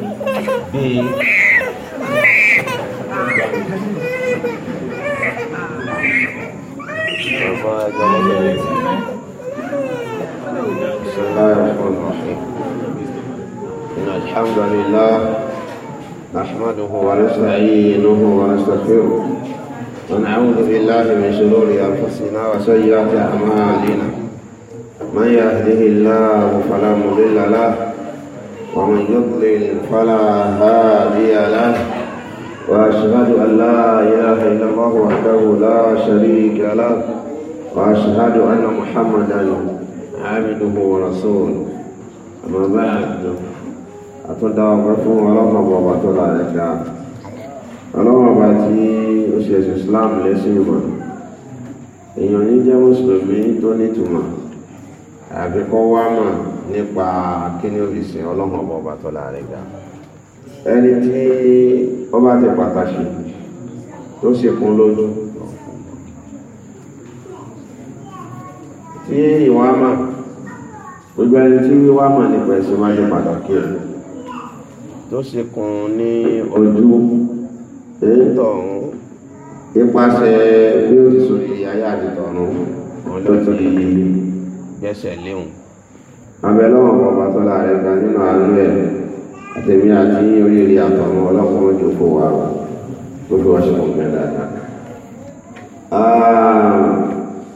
ب بسم الله الرحمن الرحيم إن الحمد لله نحمده ونستعينه ونستغفره ونعوذ بالله من شرور أنفسنا وسيئات أعمالنا من يهده الله فلا مضل له ومن يضلل فلا هادي له وأشهد أن لا إله إلا الله وحده لا شريك له وأشهد أن محمدا عبده ورسوله أما بعد أتدعى غفور ولما بابا تلا لك ولما باتي أسيس إسلام لسيما èèyàn ní jẹ́ mùsùlùmí tó nítumọ̀ àbíkọ́ wá mọ̀ nípa kíní òfìsìn ọlọ́run ọba ọba tọ́lá rẹ̀ ga ẹni tí ọba ti pàtàkì tó ṣekun lójú tí ìwà mà gbogbo ẹni tí wíwá mà nípa ẹ̀sìn máa ṣe pàtàkì ẹ̀ tó ṣekun ní ojú èyí tọ̀hún ipasẹ̀ bí ó ti sòrí ayé àti tọ̀run ọlọ́tí gbẹ́sẹ̀ léhùn abẹ́lọ́wọ̀n bọ̀bá tó láàrin ga nínú àánú ẹ̀ àtẹ̀mí àti oríire àtọ̀mọ́ ọlọ́kùnrin jòkó wa tó fi wọ́n ṣe kò gbẹ dáadáa.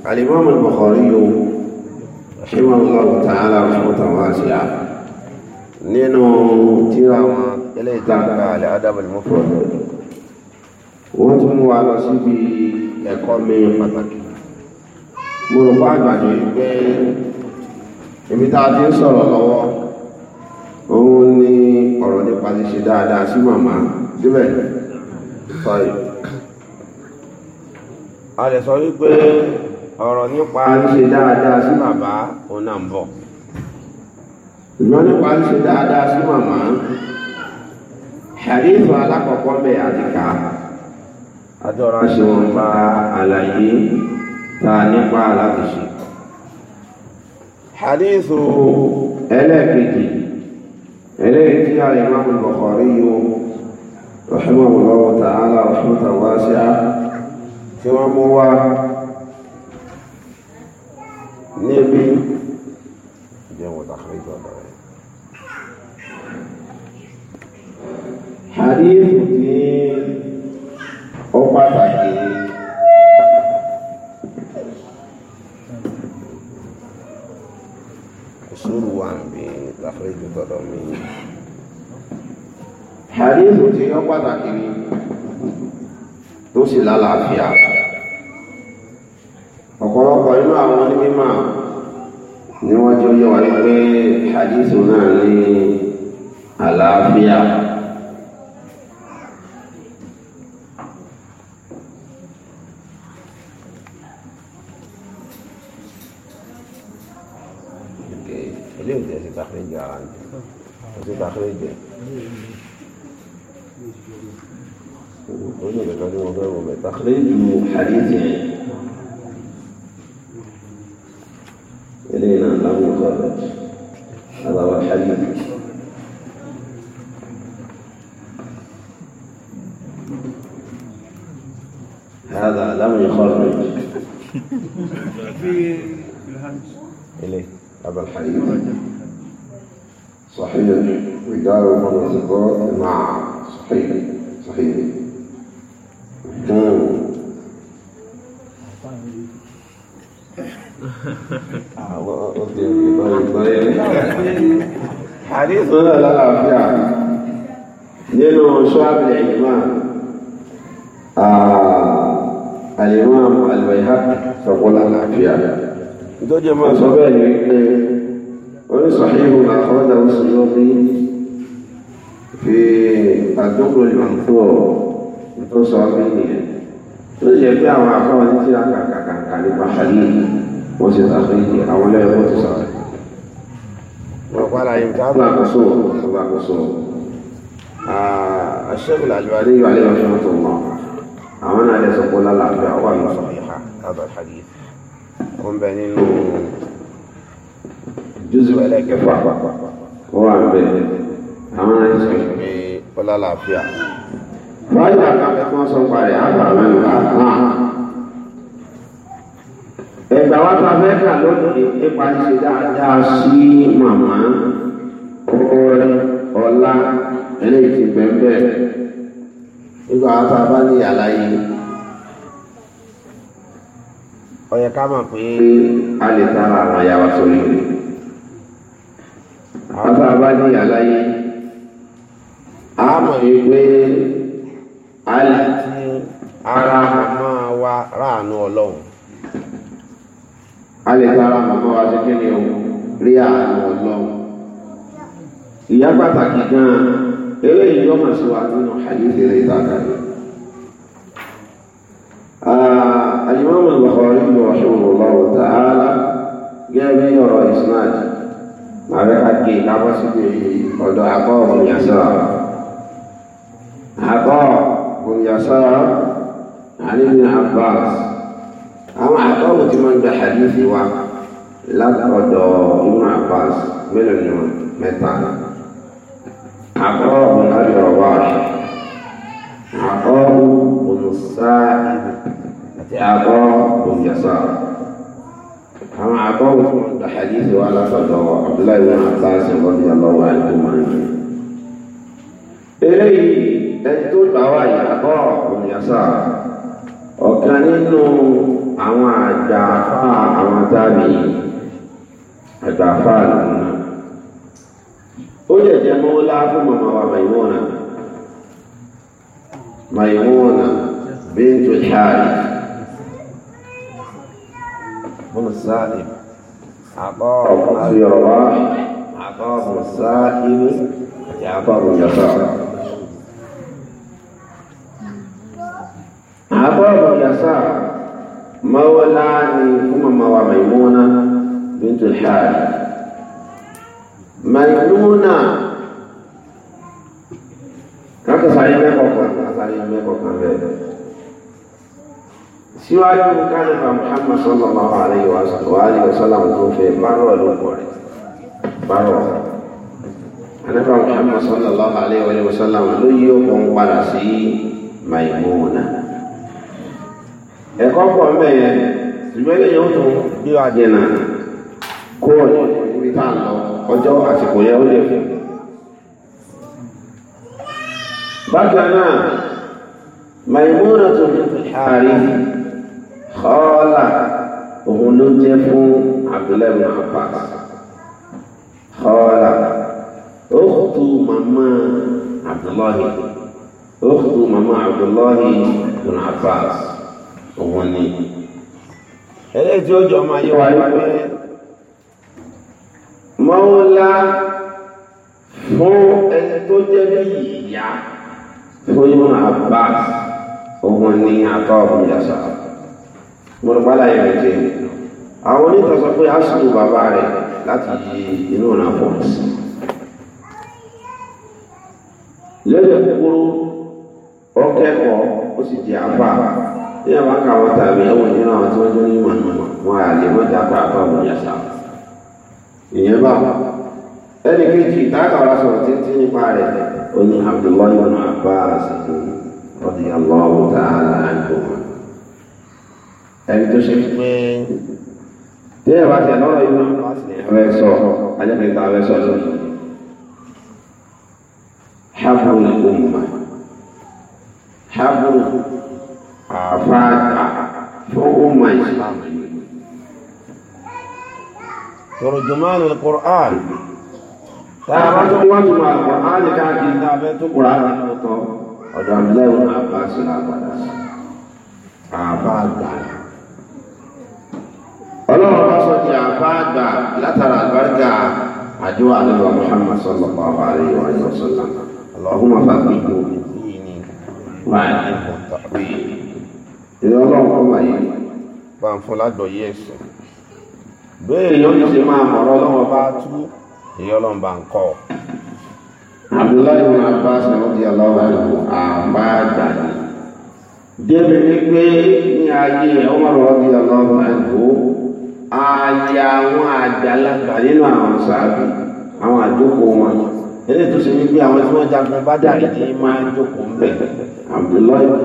alimami Bukhari yóò ṣé wọn lọ tààlà fún tàwọn àṣìá nínú tíra wọn eléyìí tá a ka àlẹ́ adábọ̀lì mú fún ọ̀dọ́ tún mú lọ síbi ẹ̀kọ́ mi pàtàkì mo rò pé àgbàdo yìí pé ibi tá a ti ń sọ̀rọ̀ lọ́wọ́ òun ni ọ̀rọ̀ nípa ti ṣe dáadáa sí màmá síbẹ̀ sọ̀rọ̀ a lè sọ wípé ọ̀rọ̀ nípa ṣe dáadáa sí bàbá òun náà ń bọ̀ ṣùgbọ́n nípa ṣe dáadáa sí màmá hadith alákọ̀ọ́kọ́ bẹ̀ àdìkà àtọ́ra ṣe wọn pa àlàyé ta nípa láti ṣe حديث ألاكتي إليه على الإمام البخاري رحمه الله تعالى رحمة واسعة ثم هو نبي جمع تخريج حديث أو sùúrù wà ń bí láforíjì tọ̀dọ̀ mi. àdéhùn tí ó pàtàkì ni tó sì lálàáfíà ọ̀pọ̀lọpọ̀ nínú àwọn onímọ̀ ni wọ́n jọ yọ wá pé àdéhùn náà ní àlàáfíà. Gracias. alimam albayhaq sọkọlá àlàáfíà ìtọ́jú ẹ̀ máa sọ bẹ́ẹ̀ ni wípé orí sàhíhù àkọ́dà òsìlọ́bí fi àdókò ìmọ̀tò tó sọ bí nìyẹn tó yẹ pé àwọn àkọ́wọ́n ti ra kàkàkàkà nípa àlè wọ́n ti sàfihàn àwọn ẹlẹ́wọ̀n ti sàfihàn. wọ́n padà yìí tá a bá kóso a bá kóso. الشيخ الألباني عليه رحمة الله àwọn náà lè sọ pé lálàáfíà wà ní sọ̀rọ̀ àbá hadi ó ń bẹ nínú jùzù ẹlẹ́kẹfà ó wà ń bẹ àwọn náà sọ pé ó lálàáfíà. wáyé àkàfẹ́ kí wọ́n sọ parí àgbà mẹ́nu àgbà ẹgbà wa ta fẹ́ lónìí nípa ṣe dáadáa sí màmá kọ́ọ́rẹ́ ọlá ẹlẹ́yìí ti bẹ́ẹ̀ nígbà wọn tá a bá ní àlàyé ó yẹ ká mọ̀ pé a lè tara àwọn ìyá wa sórí rẹ̀ àwọn tá a bá ní àlàyé a mọ̀ yìí pé a lè ti ara màmá wa ráàánú ọlọ́run a lè tara màmá wa ṣe kí ni o rí àánú ọlọ́run ìyá pàtàkì gan-an eléyìí yọ máa ṣe wà nínú hadith rẹ̀ ìtàkà rẹ̀. Ah, Al-Imam Al-Bukhari rahimahullahu ta'ala gẹ́gẹ́ bí ọ̀rọ̀ isnad màbẹ́ àgbè e lábọ́ síbi ọ̀dọ̀ àkọ́ òmìyàsára. àkọ́ òmìyàsára àlejò Abbas àwọn àkọ́ òtí máa ń gba hadith wa látọ̀dọ̀ Ibn Abbas mélòó wọn mẹ́ta náà. عقاب بن رباح عقاب بن السائب عقاب بن يسار أما عقاب بن الحديث وعلى صدر عبد الله بن عباس رضي الله عنهما إليه تجد بواي عقاب بن يسار ọ̀kan nínú àwọn àgbà àfa àwọn tábìlì àgbà àfa àlùmọ́ ó lè jẹ́ mọ́ ńlá fún màmá wa Maimuna Maimuna bíntu عطاء أبي رواح عطاء بن عطاء بن عطاء بن مولاني ثم مولى ميمونة بنت الحارث maimuna kaka sáré mẹ́kọ̀ọ̀kan sáré mẹ́kọ̀ọ̀kan bẹ́ẹ̀ síwájú kánìfà muhammad sallallahu Alaihi wa alihi wa sallam tó fẹ́ bárọ̀ ló pọ̀ rẹ̀ bárọ̀ kánìfà muhammad sallallahu Alaihi wa sallam ló yí okùn padà sí maimuna ẹ̀kọ́ pọ̀ ń bẹ̀ yẹn ṣùgbọ́n yóò tún bí wàá jẹ náà kó o ní ibi tá ọjọ́ àsìkò yẹn ó lè fún bákan náà maimuna tó ṣàrí kọ́ọ́lá òun ló jẹ́ fún abdullahi abbas kọ́ọ́lá ó tu màmá abdullahi ó tu màmá abdullahi ibn abbas òun ni ẹlẹ́jọ́ ọjọ́ máa yẹ wáyé pé mọ́ọ́lá fún ẹni tó jẹ́ bí ìyá fún yóò Abbas òun ní akọ́ ọ̀hún yàtọ̀ mọ̀lùpàlà yẹn lè jẹ́ àwọn onítọ̀ sọ pé aṣọ bàbá rẹ̀ láti di inú ọ̀nà pọ̀ sí lẹ́yìn kúrú ọkẹ́kọ̀ọ́ ó sì di àfà ní àwọn akáwọn tàbí ẹ̀wọ̀n nínú àwọn tí wọ́n jẹ́ ní ìmọ̀ wọn àlè mọ́ta pàápàá wọn yàtọ̀ ìyẹn bá ẹnì kejì tákàrà sọ̀rọ̀ títí nípa rẹ̀ ó ní abdullahi ibn abbas radiyallahu ta'ala anhu ẹni tó ṣe pé tí ẹ bá tẹ lọ́rọ̀ ibn abbas ní ẹ̀rẹ́ sọ ajẹ́pẹ̀ta ẹ̀rẹ́ sọ sọ حبل الأمة حبل عفاك فأمة إسلام ترجمان القرآن تعرضوا وجمع القرآن كان كتابة القرآن المطور ọ̀dọ̀ lẹ́wọ̀n àbáṣe àbàdà àbá àgbà ọlọ́run bá sọ ti àbá àgbà látara àgbàríkà àjọ àlejò Muhammad sallallahu alaihi wa sallam Allahumma fàgbìgbò wà ní ìlú ọlọ́run kọ́ máa yẹ. bá ń fọlá dọ̀ yí ẹ̀sìn. bẹ́ẹ̀ yóò ṣe máa mọ̀rọ̀ lọ́wọ́ ọ. Abdullahi ibn Abbas radiyallahu anhu àbá àgbà Débi wípé ní ayé Umar radiyallahu anhu ààyè àwọn àgbàlagbà nínú àwọn àwọn àjókòó wọn. Eléyìí tó ṣe wípé àwọn tí jagun bá dàrí máa ń jókòó Abdullahi ibn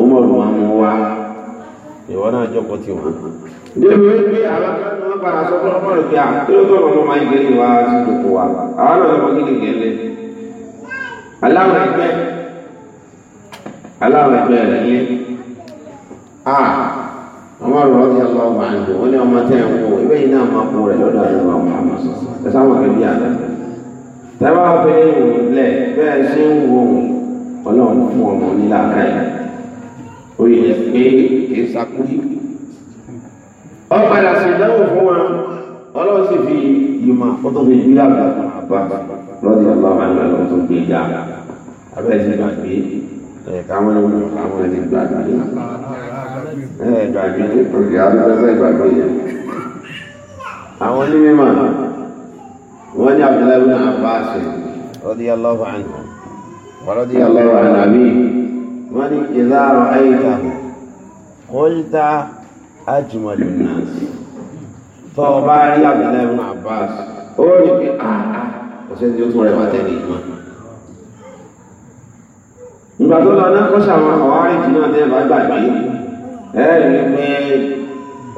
Abbas wọn náà jókòó tì wọn. débi wípé àwọn kan ní wọn padà sọ fún ọmọ rẹ pé àtúntò ah, tó ọmọ máa ń gé ìwà sídòkò wa àwọn náà lọ́mọ kí nìyẹn lé. aláwọ̀ ẹgbẹ́ aláwọ̀ ẹgbẹ́ rẹ̀ yé a ah, ọmọ rẹ ọdí ọlọ́ ọmọ àjò wọn ni ọmọ tẹ ẹ wọ ìwé yìí náà máa kú rẹ lọ́dọ̀ àyẹ̀wò àwọn fẹ́ wò lẹ̀ bẹ́ẹ̀ ṣe ń wo ọlọ́run fún ọmọ nílà káyà orí ẹ̀ pé ìsàkúrí ọ̀padà ṣèdánwò fún wa ọlọ́run sì fi ìmọ̀ fọ́tò fi ìbílẹ̀ àgbà àbá lọ́dí àbá máa ń lọ lọ́wọ́ tó gbé ga abẹ́ ẹ̀sìn gbà pé káwọn ọmọ káwọn ẹni gbàgbé gbàgbé òkè abẹ́fẹ́ gbàgbé yẹn àwọn onímọ̀ wọ́n ní Abdullahi bin Abbas rọ́dí aláwọ̀ àná wọ́n rọ́dí aláwọ̀ àná bíi wọ́n ní ìlàrọ̀ àyíká kọjá ajùmọ̀lù náà tọ́ ọ bá rí àbílẹ̀ ibn ó rí pé àá ah, tí ah, ó tún rẹ̀ wá ìmọ̀ ìgbà tó lọ náà kọ́ṣà àwọn àwárí jù náà tẹ́ bá gbàgbé ẹ rí pé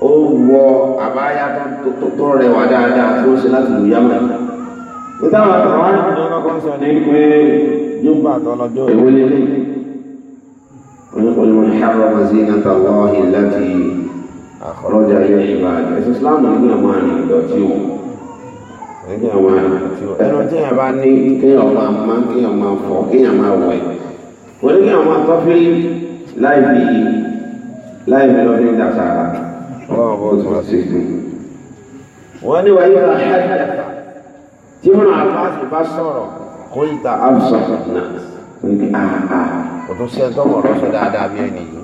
ó wọ àbáyá tó rẹwà dáadáa tó ṣe láti lù yámà nígbà àwárí jù náà kọ́ṣà ní pé yóò gbà tọ́lọ́jọ́ ìwé lélẹ́yìn قل من حرم زينة الله التي أخرج لعباده الإسلام ní àwọn àrùn ìdọ̀tí o ní àwọn àrùn ìdọ̀tí o ẹnu tí yẹn bá ní kéèyàn máa má kéèyàn máa fọ kéèyàn máa wẹ̀ wọ́n ní kéèyàn máa tọ́fí láì fi láì fi lọ́fí ń dàsára ọlọ́run kó tún ṣe sí i. wọ́n ní wàá yára ṣáàjà tí wọ́n náà bá sọ̀rọ̀ kó ìta àbùsọ̀ náà ní àhà kò tún sẹ́ni tọ́mọ̀ ọ̀rọ̀ sọ dáadáa bí ẹni yìí.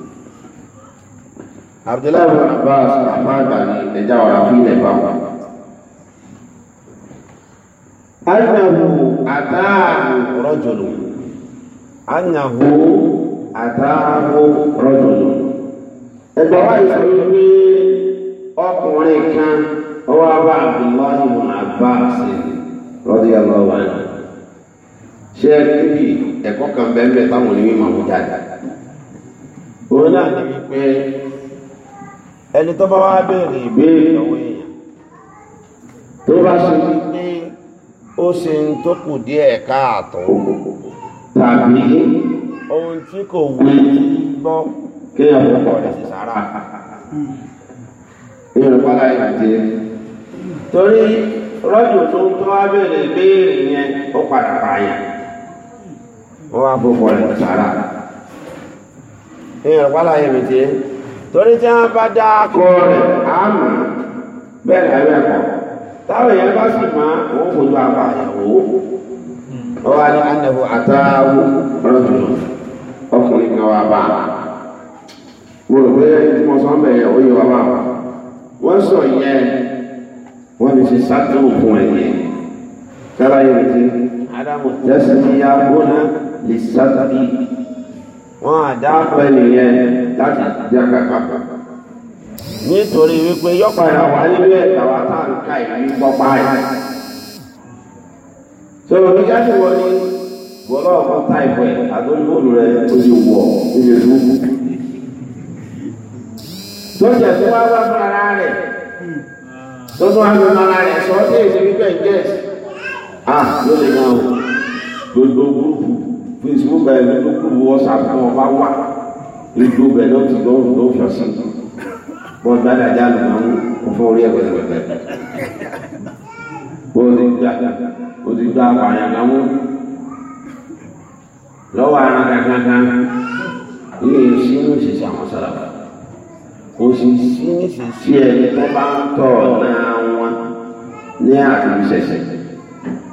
Abdullahi bin Abbas àfáàgbà ní ẹja ọ̀rá fún ilẹ̀ bá wọn. anyahu ataahu rọjòlù anyahu ataahu rọjòlù. ẹgbẹ́ wa yìí sọ wípé ọkùnrin kan ọwọ́ abá Abdullahi bin Abbas radiyallahu anhu ṣe é níbi ẹ̀kọ́ kan bẹ́ẹ̀ báwọn ní mímọ̀ wò dáadáa. òun náà ní wípé ẹni tó bá wá béèrè ìbéèrè lọ́wọ́ èèyàn tó bá ṣe wípé ó ṣe ń tó kù díẹ̀ káàtó tàbí ohun tí kò wí gbọ́ kéèyàn tó pọ̀ rẹ̀ sí sára. èèyàn padà ìbàjẹ́ torí rọ́jò tó ń tó wá béèrè ìbéèrè yẹn ó padà pààyàn wọ́n wá bó kọ̀ lọ sàrà ní ọ̀pálá yẹmi tí torí tí wọ́n bá dá akọ rẹ̀ àmà bẹ́ẹ̀ lábẹ́ ẹ̀kọ́ táwọn èèyàn bá sì máa wọ́n fojú apá àyàwó wọ́n wá ní ànàbọ̀ àtàwọ̀ rọ́dùn ọkùnrin kan wá bá mo rò pé tí mo sọ ń bẹ̀rẹ̀ ó yẹ wá bá wọ́n sọ yẹn wọ́n ti ṣe sátúrù fún ẹ̀yẹ kára yẹmi tí adamu tẹ́sí ní abúlé lè sábàbí wọn àdáàpọ ènìyàn láti jẹ kàkà nítorí wípé yọpadà wà nínú ẹ̀ka wa tá à ń ka ìlú pọpá ẹ̀ sọ̀rọ̀ bí jáde wọlé wọlé ọ̀pọ̀ táìpù ẹ̀ àdójúbòlù rẹ̀ ó ti wọ̀ níbi ìlú lọ́jà tó wá wá fún ara rẹ̀ tó tún wá fún ara rẹ̀ sọ ọ́ sí èdè wípé ń jẹ́ à ló lè náà gbogbo gbogbo facebook ẹ ló kú whatsapp kan ọba wà youtube ẹ ló ti lọ lọ fọ sí bọ́ọ̀lù dáadáa lò náà kò fọ orí ẹ pẹ̀lẹ́pẹ̀lẹ́ bọ́ọ̀lù gbà bọ́ọ̀lù gbà pààyàn náà lọ́wọ́ ara kankan ilé ìṣinú ìṣiṣẹ́ àwọn sálábà òṣìṣẹ́ ìṣiṣẹ́ ẹni tó bá ń tọ̀ wọn ní àtúnṣẹṣẹ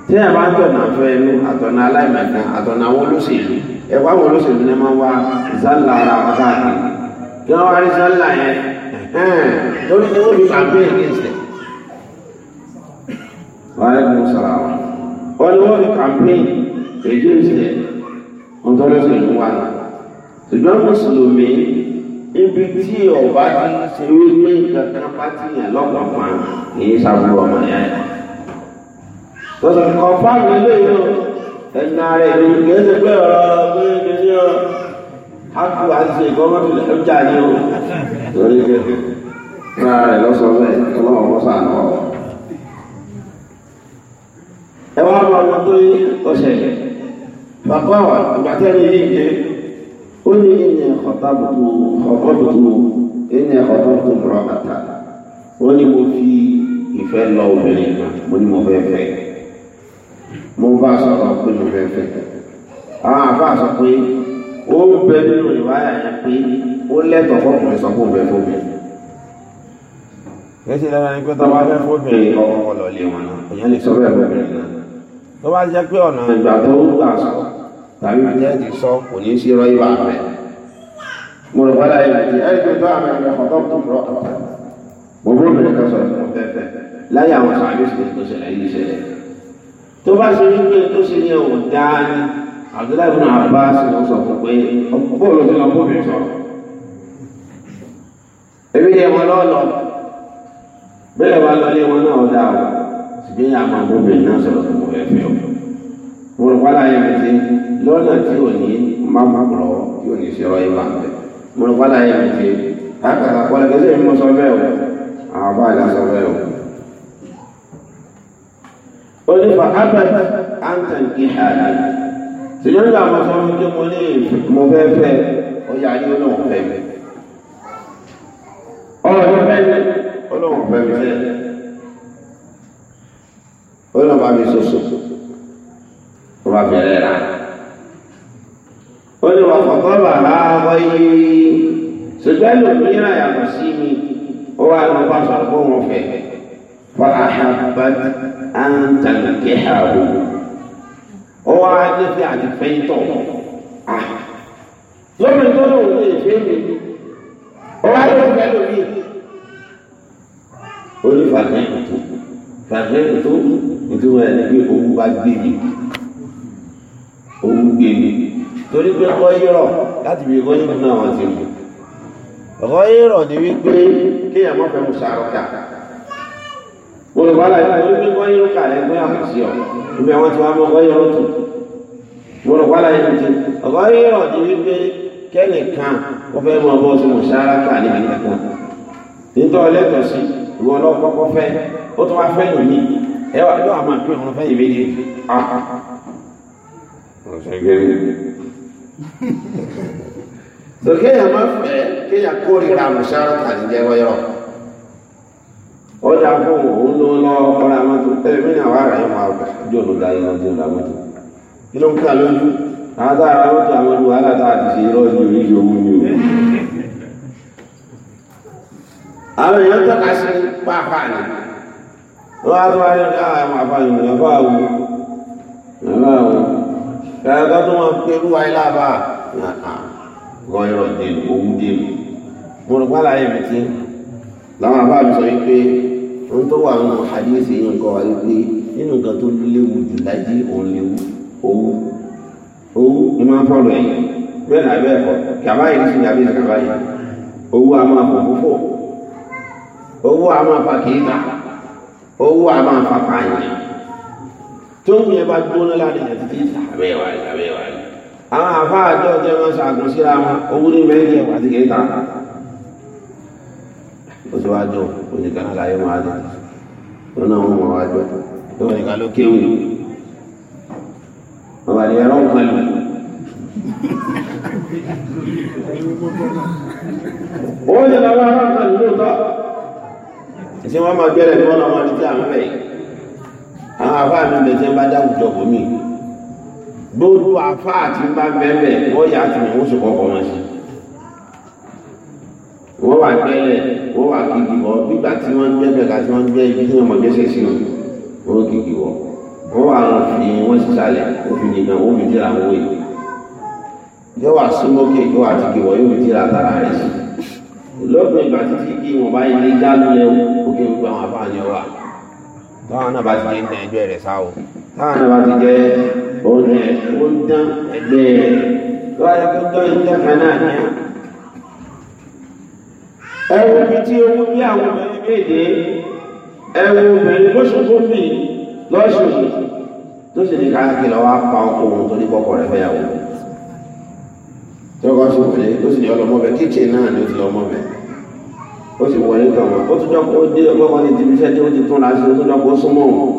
tí ẹ bá ń tọ̀nà àfẹ́ inú àtọ̀nà aláìmọ̀kan àtọ̀nà àwọn olóṣèlú ẹ̀wọ́ àwọn olóṣèlú ni máa wá zálà ara wọn káàkiri kí wọ́n wá rí zálà yẹn lórí ni wọ́n fi campaign against it. wọ́n á lẹ́nu sọ̀rọ̀ àwọn wọ́n ni wọ́n fi campaign against it wọ́n tọ́ lọ́sọ̀lù wà náà ṣùgbọ́n mùsùlùmí ibi tí ọba ti ṣe wí pé kankan bá ti yàn lọ́pọ̀ lọ́sọ̀ kọ̀ǹfàmù eléyìí o ẹ̀yìn ààrẹ ìlú kẹ́sì pé ọ̀rọ̀ pé kìíní o akú àti ìgbọ́mọ́tò ìjà ni o lórí kẹ́kẹ́ fún ààrẹ lọ́sọ̀ bẹ́ẹ̀ ọlọ́wọ́ bọ́sà náà ẹ wá bá ọmọ tó yí ọ̀sẹ̀ bàbá wa ìgbàtẹ́ni yìí yé ó ní ìyẹn ọ̀tá bùtù ọ̀kọ́ bùtù ìyẹn ọ̀tá bùtù rọ̀ bàtà ó ní mo fi ìfẹ́ lọ obìnrin mo ní mo fẹ́ fẹ́ mo bá sọ̀rọ̀ pé mo fẹ́ fẹ́ àwọn àbá sọ pé ó ń bẹ nínú ìwáyà yẹn pé ó lẹ́tọ̀ọ́ fọkùnrin sọ fún bẹ́ẹ̀ fóbi. kẹ́sì lẹ́nu ni pé tó bá fẹ́ fóbi ọkọ̀ wọn lọ lé wọn náà èèyàn lè sọ bẹ́ẹ̀ fóbi náà tó bá jẹ́ pé ọ̀nà ìgbà tó ń gbà sọ tàbí ìjẹ́ ti sọ kò ní í sí rọ́ ìwà rẹ̀ mo rò wá láyé láti ẹ̀rí pé tó àmì ẹ̀rọ ọ̀tọ̀ tó rọ̀ ọ̀tọ̀ mo bó obìnrin kan sọ̀rọ̀ tó bá ṣe wípé tó ṣe yẹ ò dáa ni Abdullahi bin Abbas ló sọ fún pé ọ̀pọ̀ ló fi lọ bó mi sọ. ebi yẹ wọn lọ́lọ́ bẹ́ẹ̀ wá lọ ní wọn náà ó dáa o ṣùgbọ́n yà máa bó mi náà sọ̀rọ̀ fún mi ẹ̀fẹ́ o. mo rò wálá yẹn ti lọ́nà tí ò ní má má tí ò ní ṣe ọ ìwà bẹ̀. mo rò wálá yẹn mi mọ́ sọ bẹ́ẹ̀ o àwọn bá sọ orí fa abad antan ìhàlà ṣùgbọ́n ìgbà mo sọ fún kí mo ní mo fẹ́ fẹ́ ọjà ní olóhùn fẹ́ mi ọ̀rọ̀ mi fẹ́ mi olóhùn fẹ́ mi fẹ́ olóhùn bá mi soso ó bá fi ẹ̀rẹ́ ó ní wọn kọ̀kọ́ bàbá wáyé ṣùgbọ́n ìlú mìíràn yàtọ̀ sí mi ó wà ní bá sọ fún wọn fẹ́ fẹ́. فأحبت أن تنكحه هو عاجز يعني فيتو lómi tó lóun lè ṣe é mi ó wá lóun fẹ́ lórí ó ní fàtẹ́ẹ̀kì tó fàtẹ́ẹ̀kì tó nítorí ẹni pé owó bá gbé mi owó gbé mi torí pé ọkọ yírọ̀ láti fi ọkọ yírọ̀ náà wọ́n ti mú ọkọ yírọ̀ ni wípé kéèyàn mọ̀ fẹ́ mu sàrọ̀kà wọ́n lè wá láyé wọ́n ní wọ́n yóò kàlẹ́ pé àwọn ti ọ̀ ìgbà wọn ti wá mọ ọgọ́ yọrọ tù wọ́n lè wá láyé wọ́n ti ọgọ́ yọrọ ti wí pé kẹ́nì kan wọ́n fẹ́ mọ ọgbọ́n sí mọ̀ṣára kà níbi nìkan nítorí ọlẹ́tọ̀ sí ìwọ ọlọ́kọ́kọ́ fẹ́ ó tún wá fẹ́ lòmí ẹ wà lọ́wọ́ àmọ́ àpé òun fẹ́ ìwé ni sọ kéèyàn má fẹ́ kéèyàn kórìíra mọ̀ṣára kà níjẹ́ wọ́yọ̀ ó dá fún òun ló lọ́wọ́ kọ́ra mọ́tò ẹ̀mí náà wà rà ẹ̀mọ́ àgbà jọ ló dá iná tó ra mọ́tò kí ló ń kà lójú àwọn tá a ra mọ́tò àwọn olùwà látà àti ṣe irọ́ ní oríṣi owó ni o. àwọn èèyàn tọ́ka sí pàápàá ni wọ́n á tó wáyé ká àwọn àfààyàn ìyàbá àwọ̀ ìyàbá àwọ̀ kẹ́kẹ́ tó máa pẹ̀lú wáyé lábà gọ́ọ̀rọ̀ dèlù owó dèlù mo rò pálá ẹ̀mí tí làwọn àbá mi sọ yìí pé ń tó wà nù hadith yìí nǹkan wà wípé nínú nǹkan tó léwu jù lájí òun léwu owó owó ni máa ń fọ̀rọ̀ ẹ̀yìn bẹ́ẹ̀ náà bẹ́ẹ̀ kọ́ kàbá yìí sì dàbí kàbá yìí owó a máa fọ̀ púpọ̀ owó a máa fa kìíta owó a máa fa pààyàn tó ń yẹ bá gbóná láti ẹ̀ títí àbẹ́wà àbẹ́wà àwọn àfáà àjọ ọjọ́ wọn ṣàgùn síra wọn owó ní mẹ́rin jẹ́ wà sí kìíta ó ti wá jọ oníkan náà láyé máa dé lọ́nà wọn wọn wá jọ tó oníkan ló kéwì wọn bá ní ẹ̀rọ pẹ̀lú. ó ní lọ́wọ́ ẹ̀rọ pẹ̀lú lóòótọ́ ẹ̀sìn wọn máa gbẹ́rẹ̀ ní wọn náà máa rí tí à ń àwọn afáà mi bẹ̀ tí bá dáhùn jọ fún mi gbogbo afáà tí bá bẹ́ẹ̀ bẹ́ẹ̀ yà á ti mọ̀ wọ́n sọ wọn sí wọ́n wà gbẹ́lẹ̀ ó wà kìkì wọ nígbà tí wọ́n gbé kẹ̀kẹ́ tí wọ́n gbé ibi tí wọ́n mọ̀ gẹ́sẹ̀ sí o ó kìkì wọ ó wà fi wọ́n sì sálẹ̀ òfin nìkan ó fi tíra owó yìí yóò wà súnmọ́kè yóò wà kìkì wọ yóò fi tíra tara rẹ̀ sí lọ́gbọ̀n ìgbà títí kí wọ́n bá yẹ já lulẹ̀ òkè gbogbo àwọn afáàní ọwà táwọn náà bá ti jẹ́ ní ẹjọ́ rẹ̀ sáwọ́ táwọn náà bá ti jẹ́ oúnjẹ ó ń dán ẹgbẹ́ rẹ̀ lọ́wọ́ ẹgbẹ́ tó ń dán ìjọba náà ní ẹwù mi tí ewu bí àwọn obìnrin méje ẹwù obìnrin lóṣù tó bì lọ́ṣù tó sì ní káàkiri lọ́wọ́ apá ọkọ òun tó ní kọ́kọ́ rẹ̀ fẹ́yàwó tí wọ́n sì wọlé tó sì ní ọlọ́mọbẹ kíkìn náà ni ó ti lọ́mọbẹ ó sì wọlé tọ̀ wọn ó tún jọ kó dé ọgbọ́n ní tìbí iṣẹ́ tí ó ti tún la ṣe ó tún jọ kó súnmọ́ wọn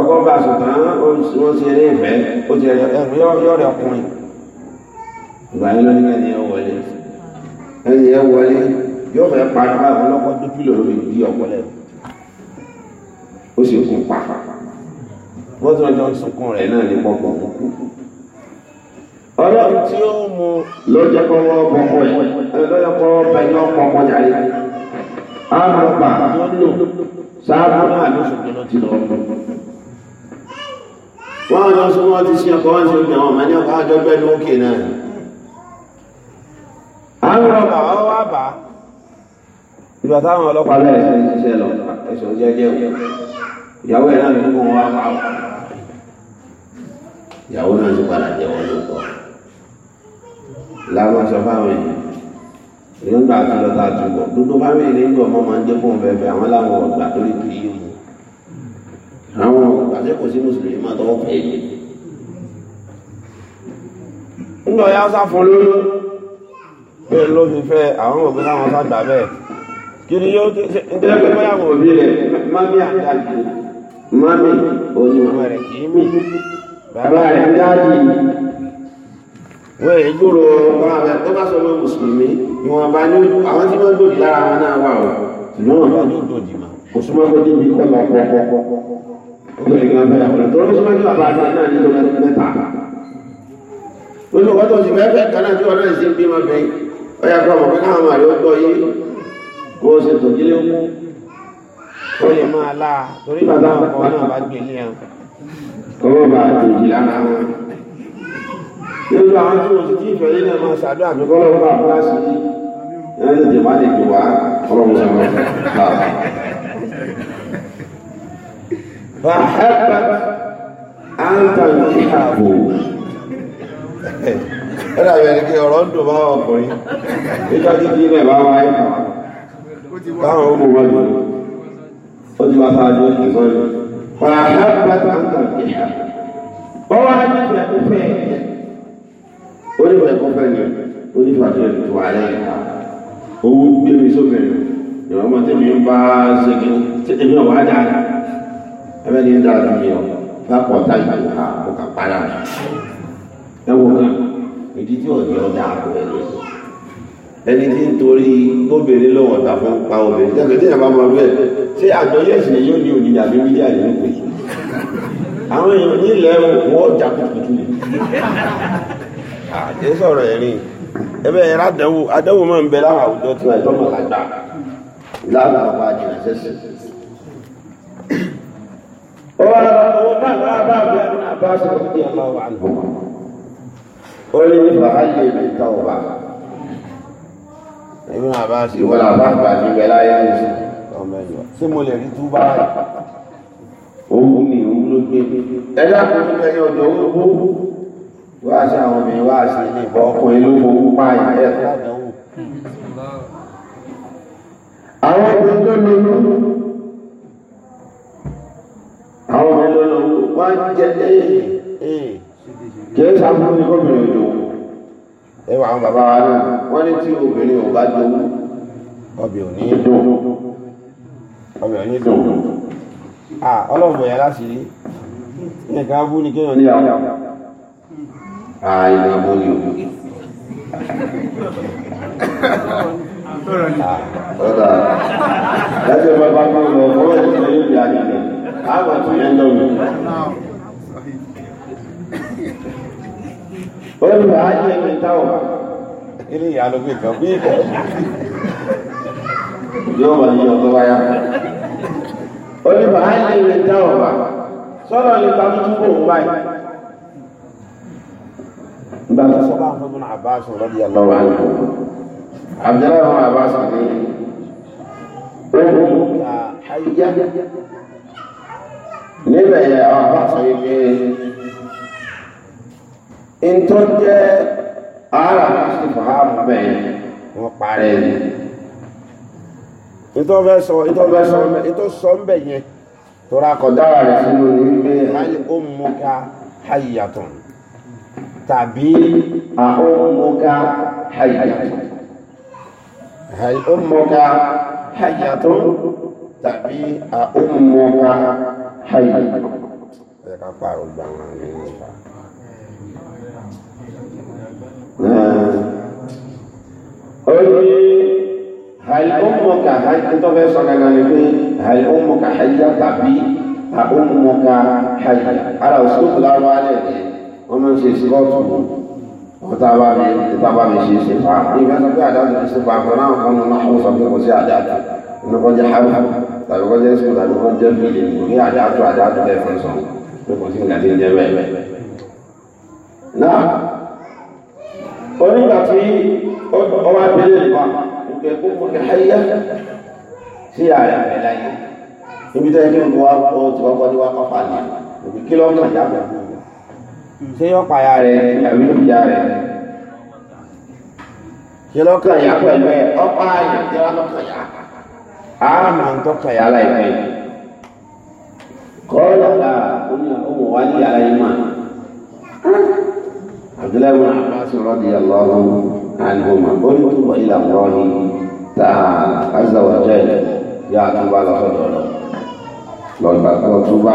ọkọ bá sùn tán wọ́n ṣe eré ìfẹ́ ó ti yọ̀ọ̀rẹ̀ ọkùnrin ìgbà yẹn lọ́nìkan ni ẹ wọlé ẹni ẹ wọlé yóò fẹ́ parí báyìí ọlọ́kọ́ dúpìlò lórí ìdí ọ̀pọ̀lẹ́ ó sì kún pa wọ́n tún ọjọ́ sunkún rẹ̀ náà ní pọ̀pọ̀ ọlọ́run tí ó mú lọ́jọ́ kọ́wọ́ pọ̀pọ̀ yìí lọ́jọ́ kọ́wọ́ pẹ̀lú pọ̀pọ̀ jáde àrùnpà tó lò sáàbù náà ló ṣùgbọ́n ló ti lọ wọ́n lọ sí wọ́n ti ṣe ọkọ̀ wọ́n ti ṣe ọmọ ní ọkọ̀ àjọgbẹ́ lókè náà àrùnpà ọwọ́ àbá ìgbà táwọn ọlọ́pàá bẹ̀rẹ̀ sí ṣiṣẹ́ lọ ẹ̀sùn jẹ́jẹ́ o ìyàwó ẹ̀ náà ló kó wọn wá pa ọ. ìyàwó náà ti padà jẹ wọn lóko làwọn aṣọ fáwọn èèyàn nígbà tí lọ ta àtúbọ̀ dúdú bá mi ní ìgbà ọmọ máa ń dẹ́kun bẹ̀bẹ̀ àwọn làwọn ọ̀gbà tó lè kiri yìí àwọn ọ̀gbà tí kò sí mùsùlùmí máa tọwọ́ pè é ńlọ yá sá fún lóyún pé ló fi fẹ́ àwọn òbí láwọn sá gbà bẹ́ẹ̀ kiri yóò tó ṣe nítorí pé báyà wọ̀ bí rẹ̀ mami àdájì mami onímọ̀ rẹ̀ kì í mì bàbá rẹ̀ dájì wọ́n èyí gbòòrò ọ̀rọ̀ àbẹ̀ tó bá sọ pé mùsùlùmí ìwọ̀n bá ní àwọn tí wọ́n gbòdì lára wọn náà wà ó ṣùgbọ́n wọn bá ní gbòdì mà kò súnmọ́ pé débi kọ́ lọ pọ́pọ́pọ́ obìnrin kan bẹ̀rẹ̀ pẹ̀lú tó ló súnmọ́ ní bàbá àti náà nínú mẹ́ta olùkọ́ tó ti fẹ́ fẹ́ kan náà tí wọ́n náà ṣe ń bímọ bẹ́ẹ̀ ọ̀yà kọ́ ọmọ pé káwọn àlọ́ gbọ́ yìí kó o ṣe tòjílé mú ó lè máa láà torí bàbá ọkọ̀ náà bá gbé ilé ẹ̀ kọ́wọ́ bá tòjì lára wọn nínú àwọn tí wọ́n ti jí ìfẹ́ yìí náà máa ṣàdó àmì kọ́ lọ́wọ́ bá fúlá sí i ẹni tètè má lè jù wá ọlọ́run sọ wọn bá a. Fàhẹ́pẹ́ àǹtàlù ìhàbò. Ẹ dàbí ẹni pé ọ̀rọ̀ ń dùn bá ọkùnrin. Nítorí kí ilẹ̀ bá wáyé kàn káwọn ọmọ wọn lò ó ti wá sáájú ó ti sọ yìí. wàá lábàá tó ń tàn kí ẹ. wọ́n wá ní ìgbà tó fẹ́ ó ní ìwà ẹ̀kọ́ fẹ́ ni ó ní ìwà tó ẹ̀ tó wà lẹ́yìn. owó gbé mi ìwà ọmọ tẹ́mi ń bá ṣègbè tẹ́mi ọ̀wá dáadáa ẹ̀fẹ́ ni ń dára ju mi ọ̀ lápò ọ̀tá ìlú ha kò padà. ẹ ìdí tí ọ̀dọ́ dáa kò ẹ̀ lé ẹni tí ń torí gbóbìnrin lòun ọ̀tà fún àwọn obìnrin tẹ́lẹ̀ tí ìyàbá máa bẹ́ẹ̀ ṣé àjọyọ̀ ìsìn yóò ní òní àbí mídíà nínú pé àwọn èèyàn nílẹ̀ wọ́n jà kùtùkùtù àti sọ̀rọ̀ ẹ̀rín ẹbẹ̀ ẹ̀rá àdẹ́wò àdẹ́wò máa ń bẹ láwọn àwùjọ tí wọ́n tọ́mọ̀ lágbà lára àwọn àjìnà sẹ́sẹ̀ ó ní bàálẹ̀ ìta ọ̀bà ìwọ́n àbá sí ìwọ́n àbá gbà ní bẹ́ẹ̀ láyé nìyí. ọmọ ẹ̀yọ ṣé mo lè rí túbá rẹ̀. òun ni òun ló gbé ẹ dákun ní ẹyọ ọjọ́ òun ló gbó wá sí àwọn obìnrin wá sí ní ìbọn ọkùnrin ló gbó pa ìyẹn àwọn obìnrin tó lò lò àwọn obìnrin lò lò wọ́n jẹ kí ẹ sábà ní gómìnà ìjòwò ẹwà àwọn bàbá wa náà wọ́n ní tí obìnrin ò bá jowú ọbẹ̀ ò ní dùn ọbẹ̀ ò ní dùn à ọlọ́mọ yẹn láti rí nǹkan abú ni kéèyàn ní àwọn àìlè abú ni òun ọ̀dà ẹgbẹ́ bàbá kan lọ ọ̀rọ̀ ìṣẹ̀lẹ̀ yóò di àjẹjẹ àwọn àtúnyẹ̀ ń dọ̀wọ̀. olùwà á jẹ́ mi táwọ̀ ilé ìyálógbé kan bí ìkọ̀ yóò wà ní ọ̀tọ́ wáyà olùwà á jẹ́ mi táwọ̀ sọ́nà lè ta tuntun kò ń báyìí nígbà tó sọ́nà àfọ́dún àbáṣọ lọ́dí ọlọ́wà ní àbújá àwọn àbáṣọ ní ohun àyíká níbẹ̀ àwọn àbáṣọ yìí ntọ́ jẹ́ ara sí fàámù bẹ́ẹ̀ wọ́n parẹ́ ni ìtọ́ fẹ́ sọ ìtọ́ fẹ́ sọ ìtọ́ sọ ń bẹ̀ yẹn tọ́ra kọ̀dára rẹ̀ sínú ní wípé hali ó mú ká hayàtọ̀ tàbí àwọn mú ká hayàtọ̀ hali ó mú ká hayàtọ̀ tàbí àwọn mú ká hayàtọ̀ ẹ̀ka pàrọ̀ gbàmọ́ ní ìfà ó ní àìlọ́mọ̀ká àìtọ́fẹ́ sọ gangan ni pé àìlọ́mọ̀ká àìyá tàbí àìlọ́mọ̀ká àìyá ara òṣèlú lárọ́ alẹ́ wọ́n máa ń ṣe ìṣẹ́kọ̀tù ọ̀tàbà mi ìtàbà mi ṣe ṣe fa ìgbà tó pé àdáàtì ti ṣe fa àpò náà kan náà ó sọ pé kò sí àdáàtì inú kan jẹ́ hàbà tàbí kan jẹ́ sùn tàbí kan jẹ́ fìlè ní àdáàtì àdáàtì bẹ́ẹ̀ fún sọ pé kò sí ìgbà tí ń jẹ́ bẹ́ẹ̀ náà onígbà tí ọwọ́ abẹ́lé nǹkan ìpè kókó ní ayé sí ààrẹ rẹ láyé ibi tẹ́ kí n wá kó tí wọ́n kọ́ni wá kọ́fà ní òbí kí lọ́nà ìyá rẹ̀ ṣé yọ pàyà rẹ̀ àbí yóò yá rẹ̀ kí lọ́kàn yá pẹ̀lú ẹ̀ ọ̀pá ayọ̀ kí lọ́kàn yá àá máa ń tọ́kàn yá láìpẹ́ kọ́ lọ́la oníyàwó wà ní yàrá yìí máa abdullahi bin abbas radiyallahu anhuma ó ní túbọ̀ ilà lọ́ọ̀hì tá a azza wa jalla yá àtúbà lọ́sọ̀dọ̀ lọ lọ́gbà tó túbà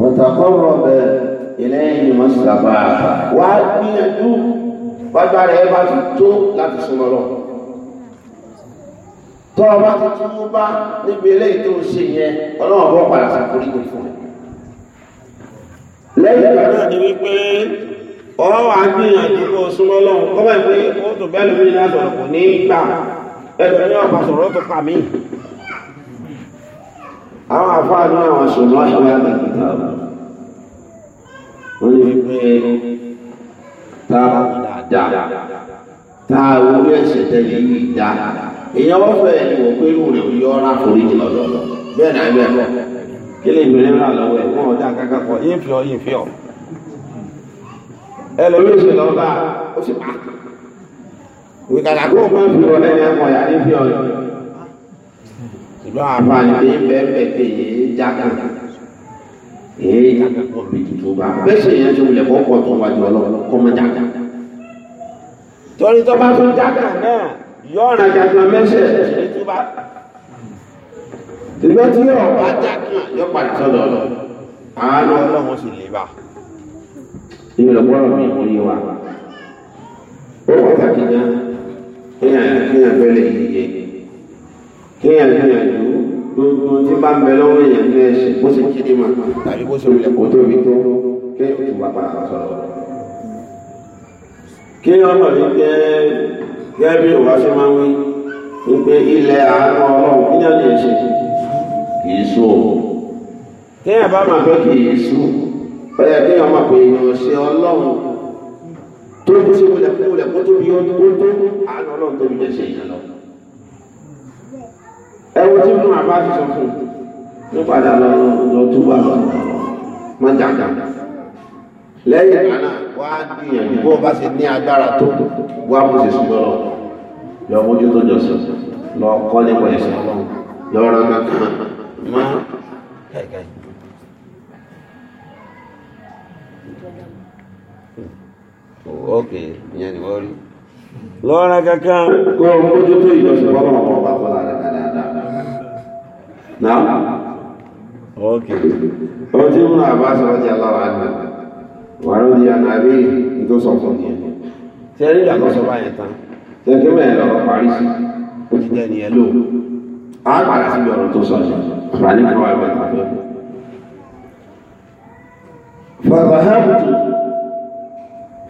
wọ́n ta kọ́ rọ̀bẹ̀ ilé ìmọ̀ sílábà wá gbìyànjú bàbá rẹ̀ bá ti tó láti súnmọ́ lọ tọ́ ọba ti túbọ̀ bá níbi ilé ìtò ṣe yẹn ọlọ́run bọ́ padà sàkórí tó fún ẹ lẹ́yìn ìgbà náà ni wípé ọwọ́ agbìyànjú kó súnmọ́ lọ́wọ́ kọ́ bá ìpé ó tó bẹ́ẹ̀ lómi ní àtọ̀rọ̀ kò ní gbà ẹgbẹ̀rún ní ọ̀pá sọ̀rọ̀ tó pa mí àwọn àfáà ní àwọn ṣòro ẹ̀wọ̀ ẹ̀gbẹ̀gbẹ̀ ó ní wípé táwọn dáadáa táwọn orí ẹ̀ṣẹ̀ tẹ́lẹ̀ yìí dá èèyàn wọ́n fẹ́ ẹni wò pé irú rẹ̀ yọ ọ́rá foríjì lọ́dọ̀ bẹ́ẹ̀ náà bẹ́ẹ̀ kí lè gbèrè rà lọ́wọ́ ẹ̀ wọ́n ọ̀dà kankan kọ yín fi ọ yín fi ọ ẹlòmíì ṣe ó sì pa wíkàtà kó fi wọlé ní ẹ̀kọ́ yà ní fi ọyọ ṣùgbọ́n àfààní ní bẹ́ẹ̀ pé èyí jágà èyí jágà kọ tuntun bá bẹ́ẹ̀ yẹn ṣe wulẹ̀ kọ́kọ́ tó wájú ọlọ́run kọ́ mọ́ torí tó bá tún jágà náà yọ̀ọ̀nà jágà mẹ́sẹ̀ ṣe tó bá ìgbẹ́ tí yóò bá jágà yọ pàdé sọ́dọ̀ ọlọ́run àánú ọlọ́run sì lè bá ìrẹ̀ bọ́rọ̀ mi kò yé wa. ó pàtàkì gan kéèyàn kéèyàn bẹ́lẹ̀ yíyẹ kéèyàn kéèyàn lò gbogbo tí bá ń bẹ lọ́wọ́ èèyàn ní ẹ̀sìn bó ṣe kíni mà tàbí bó ṣe wulẹ̀ kó tóbi tó kéèyàn tó wà padà wá sọ̀rọ̀. kéèyàn ọmọ mi jẹ́ gẹ́gẹ́ bí òwá ṣe máa ń wí wípé ilẹ̀ àánú ọlọ́run kíyàn lè ṣe kì í sùn. kéèyàn bá máa fẹ́ kì í sùn ọ̀yà kí ọmọ pé èèyàn ṣe ọlọ́run tó bí ṣe wulẹ̀ fún wulẹ̀ kó tó bí ó tó àánú ọlọ́run tó bí jẹ́ ṣe ìyàn lọ. ẹwọ tí mú àbá ti sọ fún ní padà lọ lọ tó bá lọ mọ jàǹdà lẹ́yìn àná wá gbìyànjú bó bá ṣe ní agbára tó wá mo sì sùn lọ lọ mójú tó jọ sọ lọ kọ́ nípa ẹ̀sìn lọ rán kankan má. ok ìyẹn ni wọ́n rí lọ́ra kankan. kó o mójú tó ìjọsìn bọ́lá ọ̀pọ̀ pàtó lára dáadáa. ok. ó ti mú àbá sọ̀rọ̀ jẹ́ aláwọ̀ àná wà ló di ànábì tó sọ fún yẹn. ṣé rí ìlànà sọ báyẹn tán. ṣé kí mẹ́rin lọ́rọ̀ parí sí. ó ti dẹ́ni ẹ lò. a padà síbi ọ̀rọ̀ tó sọ yẹn. àbálẹ́ kan wà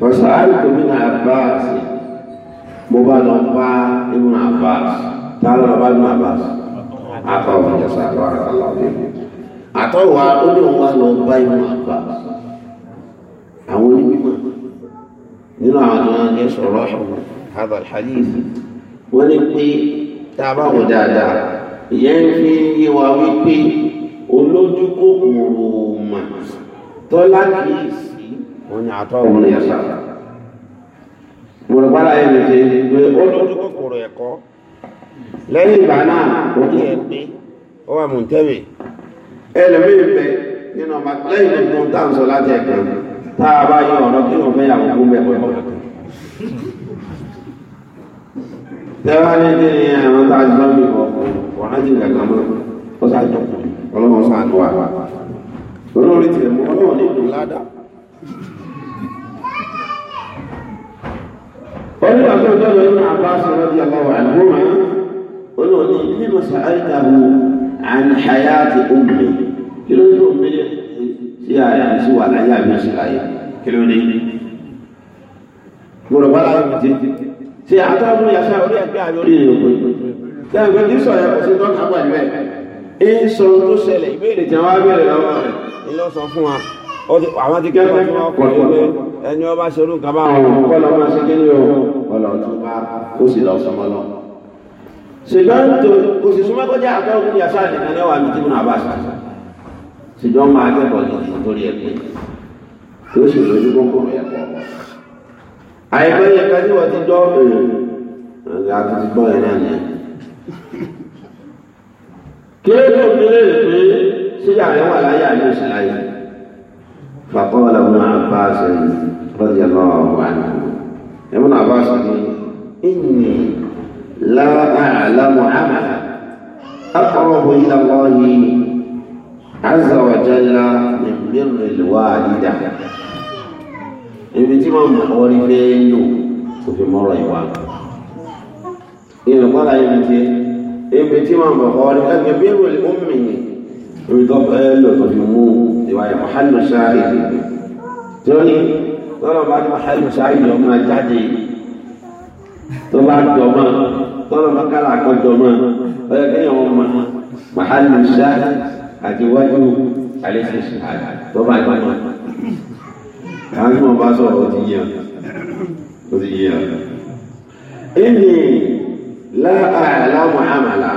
وسألت ابن عباس مبالغ ابن عباس تعالى ابن عباس أعطاه الجزاء بارك الله فيك àtọ́ wa ó ní wọn wá lọ bá ìmọ̀ àgbà àwọn onímọ̀ nínú àwọn àwọn ní sọ̀rọ̀ hadha al-hadith wọ́n ní pé tá a bá wọ̀ dáadáa ìyẹn ń yé wa wípé olójú kòkòrò mà tọ́lá kìí wọn ni àtọ́ òun yẹ sá mo rò padà yẹn lè ṣe pé ó lójú kòkòrò ẹ̀kọ́ lẹ́yìn ìgbà náà ó ti ẹ̀ pé ó wà mọ̀ntẹ́wì ẹlòmíì bẹ nínú ọba lẹ́yìn ìgbìmọ̀ tá à ń sọ láti ẹ̀kọ́ tá a bá yọ ọ̀rọ̀ kí wọ́n fẹ́ yàwó kú bẹ̀ bọ̀ ọlọ́run sáà tó wà ọlọ́run ní ládàá. wọ́n wà lọ́jọ́ lọ ní Abbas radiyallahu anhuma ó lọ ní ilé mọ̀sá àìdáwò an hayati ummi kí ló dé omi sí àyà sí wà láyé àbí sí láyé kí ló dé gbọ́dọ̀ bá láyé mi ti ṣe àtàwọn yàtọ̀ orí ẹgbẹ́ àyọrí rẹ̀ òkú ṣe àgbẹ̀ tí sọ̀rọ̀ ẹ̀kọ́ sí dọ́kà pẹ̀lú ẹ̀ ń sọ tó ṣẹlẹ̀ ìbéèrè tí wọ́n á bẹ̀rẹ̀ lọ́wọ́ rẹ̀ lọ sọ fún wa àwọn ti kẹ́kọ̀ọ́ ẹni ọba ṣerú nǹkan bá wọn kọ́ lọ máa ṣe kí ni o ọ̀nà ọ̀tún bá ó sì lọ sọmọ lọ. ṣùgbọ́n tó kò sì súnmọ́ kó jẹ́ àtọ́ òkú yàtọ̀ àdìgbà náà wà lójú náà bá ṣe. ṣùgbọ́n máa kẹ́kọ̀ọ́ ní ìfún torí ẹ̀kọ́ tó sì lójú kókòrò ẹ̀kọ́. àìpẹ́ yẹ ká ní wọ́n ti jọ́ ọ̀gá tó ti gbọ́ ẹ̀rẹ́ ni. kí ló dé pé ṣíyà rẹ̀ wà láyé àlè òṣèlú فقال ابن عباس رضي الله عنه ابن عباس إني لا أعلم عملا أقرب إلى الله عز وجل من بر الوالدة ibi tí wọn mọ àwọn ilé lò tó fi mọrọ ìwà ìlú ibi tí ibi tí wọn mọ àwọn ilé ẹgbẹ bí ìròyìn ó mìíràn ibi tó fẹ́ lò tó fi mú ìwáyà mọ̀hálù sáàrì tí ó ní tọ́lọ̀ bá ní mọ̀hálù sáàrì lọ máa jáde tó bá jọ mọ́ tọ́lọ̀ bá kára àkọjọ mọ́ ọ̀yọ́ kéèyàn wọn mọ̀ mọ̀hálù sáàrì àti wájú àlẹ́sẹ̀ sáàrì tó bá jọ mọ́ àwọn tí wọ́n bá sọ̀rọ̀ ó ti yé ó ti yé ẹni láàlá mọ̀hámàlà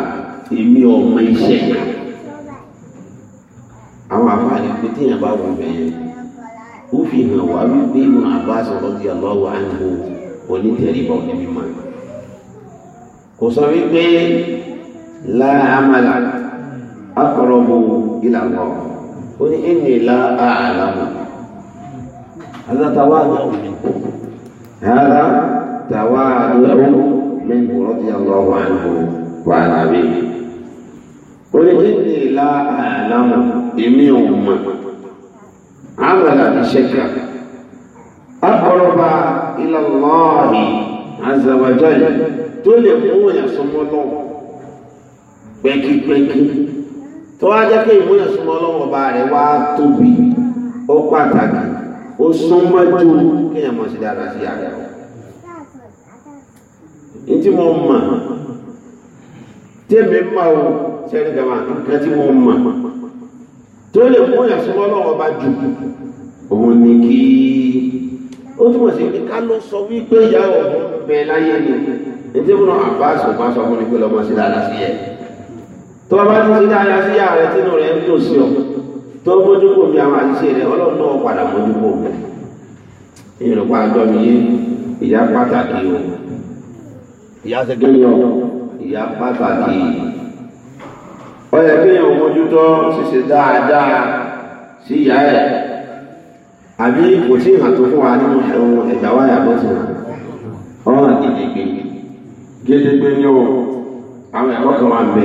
èmi ọmọ iṣẹ́ kan àwọn àfáàní pé téèyàn bá wà bẹ̀yẹn ó fi hàn wá wípé ìmọ̀ Abbas radiyallahu anhu onítẹ̀ríba òní mímọ́ kò sọ wípé la amala aqrabu ila Allah ó ní inni la a'lamu هذا تواضع هذا تواضع منه رضي الله عنه وعن أبيه قل إني لا أعلم emi ò mọ̀ àmàlà ìṣẹ́ka akọrọba ìlànàáhì tó lè mú ìyàsọmọ lọ́wọ́ pẹ́kípẹ́kí tó wá jẹ́ pé ìmú ìyàsọmọ lọ́wọ́ bá rẹ̀ wá tóbi ó pàtàkì ó ju sí dára sí ààrẹ ní tí mo mọ̀ tó lè mú yàn súnmọ́ lọ́wọ́ bá jù òun ni kí ó túmọ̀ sí pé ká ló sọ wípé ìyá ọ̀hún bẹ láyé ni ètò ìmúná Abbas ọ̀pá sọ fún mi pé lọ́mọ sí dáadáa sí ẹ̀ tó bá ti sí dáadáa sí ìyá rẹ tínú rẹ ń dùn sí ọ tó mójú kò mi àwọn àṣìṣe rẹ ọlọ́run náà padà mójú kò mi ìrìnàpá àjọ mi yé ìyá pàtàkì o ìyá sẹkẹrì ìyá pàtàkì yìí ọyẹ kéèyàn mójútó ṣíṣe dáadáa sí ìyá ẹ̀ àbí kò sí ìhàn tó fún wa nínú ẹ̀rọ ẹ̀dá wáyà bó ti hàn ọ̀hún gidigbe gidigbe ní o àwọn ẹ̀kọ́ kan wà bẹ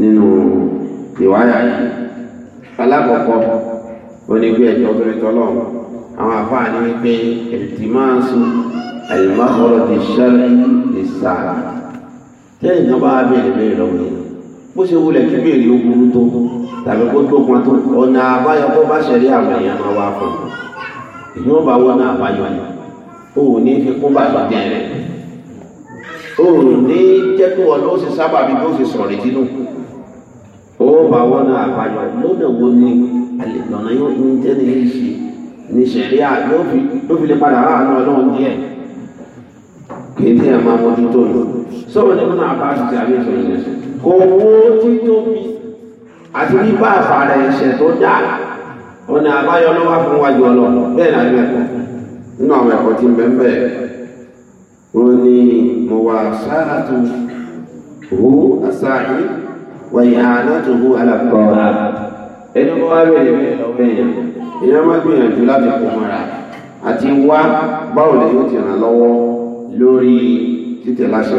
nínú ìwáyà yìí alákọ̀ọ́kọ́ onígbé ẹ̀jọ́ obìnrin tọ́lọ́run àwọn àfáà ní wípé ẹ̀tìmáàsù àyèmáfọ́rọ̀ ti ṣẹ́lẹ̀ ìsàlà tẹ́lẹ̀ náà bá bèèrè lọ́wọ́ yìí bó ṣe wulẹ̀ kí béèrè ogun tó tàbí kó tó pọn tó ọ̀nà àbáyọ tó bá ṣẹlẹ̀ àwọn èèyàn máa wá fún un ìyẹn wọn bá wọnà àbáyọ ni o ò ní fi kún bàtà jẹ rẹ o ò ní jẹ́ pé wọn ló ṣe sábà bí ló ṣe sọ̀rọ̀ ìdínú o bá wọnà àbáyọ lónà wo ni àlèkànnà yóò ń jẹ́ ní ṣe ní ṣẹ̀ríà ló fi lè padà ráàánú ọlọ́run díẹ̀ kì í tí ẹ̀ máa mójútó lò sọ́wọ́n ní wọn náà bá ti ṣe àbí ìṣòro kò wo títún ati àti bíbá àfàrà ẹ̀ṣẹ̀ tó dá ọ̀nà àbáyọ ló wá fụwa wájú ọlọ́run bẹ́ẹ̀ lábẹ́ ẹ̀kọ́ nínú àwọn ẹ̀kọ́ tí ń mo wà sára tó hu asáyé wọ̀nyí àná tó hu alàpọ̀ ẹni kọ́ wá bẹ̀rẹ̀ bẹ́ẹ̀ lọ́wọ́ èèyàn èèyàn má gbìyànjú láti kó àti wá báwo yóò ti ràn lọ́wọ́ lórí títẹ̀ láṣẹ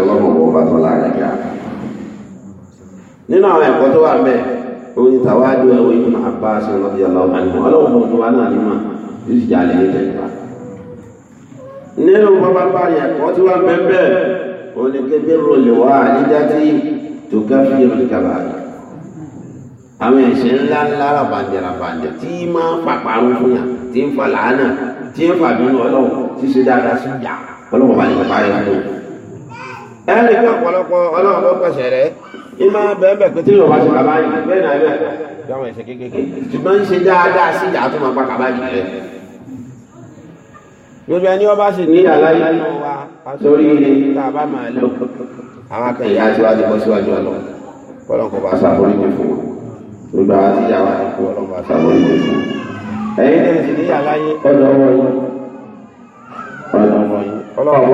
nínú àwọn ẹ̀kọ́ tó wà mẹ́ orin tàwádìí ẹ̀wọ̀ ìdùnnà àbá aṣọ ọlọ́dí ọlọ́ọ̀bá ni wọn ọlọ́wọ́ fún wa náà nímọ̀ yóò sì jalè ní tẹ̀gbà nínú bàbá bá yẹ ẹ̀kọ́ tí wà mẹ́ bẹ́ẹ̀ orin kébé rọlè wá nígbà tí tòkà fi rìn kàbà àwọn ẹ̀ṣẹ̀ ńlá ńlá rabàǹdẹ̀ tí máa ń pàpà fún yà tí ń fa làánà tí ń fa bínú ọlọ́wọ́ tí ṣe dáadáa sí ìjà ọlọ́wọ́ bá ní bàbá yẹ fún un ẹ̀rì pé ọ̀pọ̀lọpọ̀ ọlọ́run ló pẹ̀ṣẹ̀ rẹ̀ ní máa tí yóò bá ṣe bàbá yìí bẹ́ẹ̀ náà bẹ́ẹ̀ gbọ́n ẹ̀ṣẹ̀ kékeré ṣùgbọ́n ṣe dáadáa sí ìyá tó máa pa bàbá yìí rẹ̀ gbogbo ẹni ọba sì ní àlàyé wa àtòrí tá a bá máa àwọn akẹ́yìn àti wá ti bọ́ síwájú ọ̀nà bá mi fún gbogbo